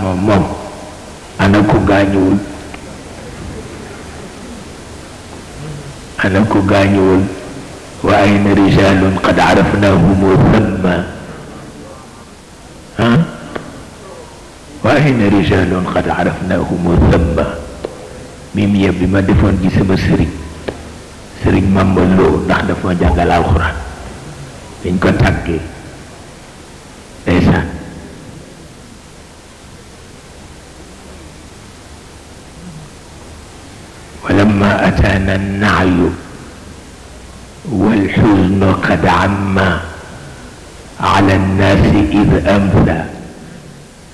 ma moom ana ko gaañuwul ko gaañuwul wa ayna rijalun qad arafnahum thamma ah wa ayna rijalun qad arafnahum thamma mim yeb bi ma defoon ci sama sëriñ sëriñ Mamba Lo ndax dafa jàngal alxuraan dañ ko tàggee ولما أتانا النعي والحزن قد عم على الناس إذ أمسى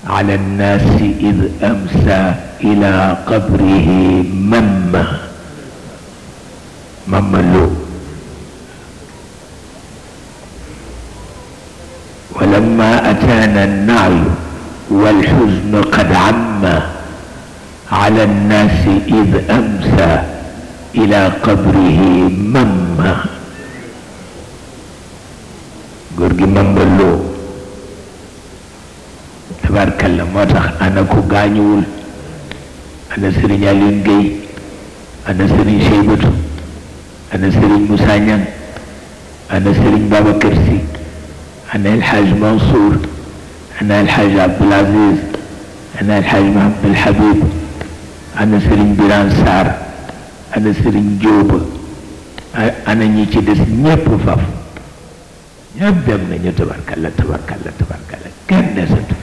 على الناس إذ أمسى إلى قبره مما له ولما أتانا النعي والحزن قد عمّ على الناس إذ أمسى إلى قبره مما جورجي من بلو تبارك الله ما تخ أنا كو أنا سرين يالين جي أنا سرين شيبت أنا سرين مسانيا أنا سرين بابا كرسي أنا الحاج منصور أنا الحاج عبد العزيز أنا الحاج محمد الحبيب ana sëriñ Birane Sarr ana sëriñ Jóoba ana ñi ci des ñépp faf ñépp dem nañu tabarkalla tabarkalla tabarkalla kenn desatu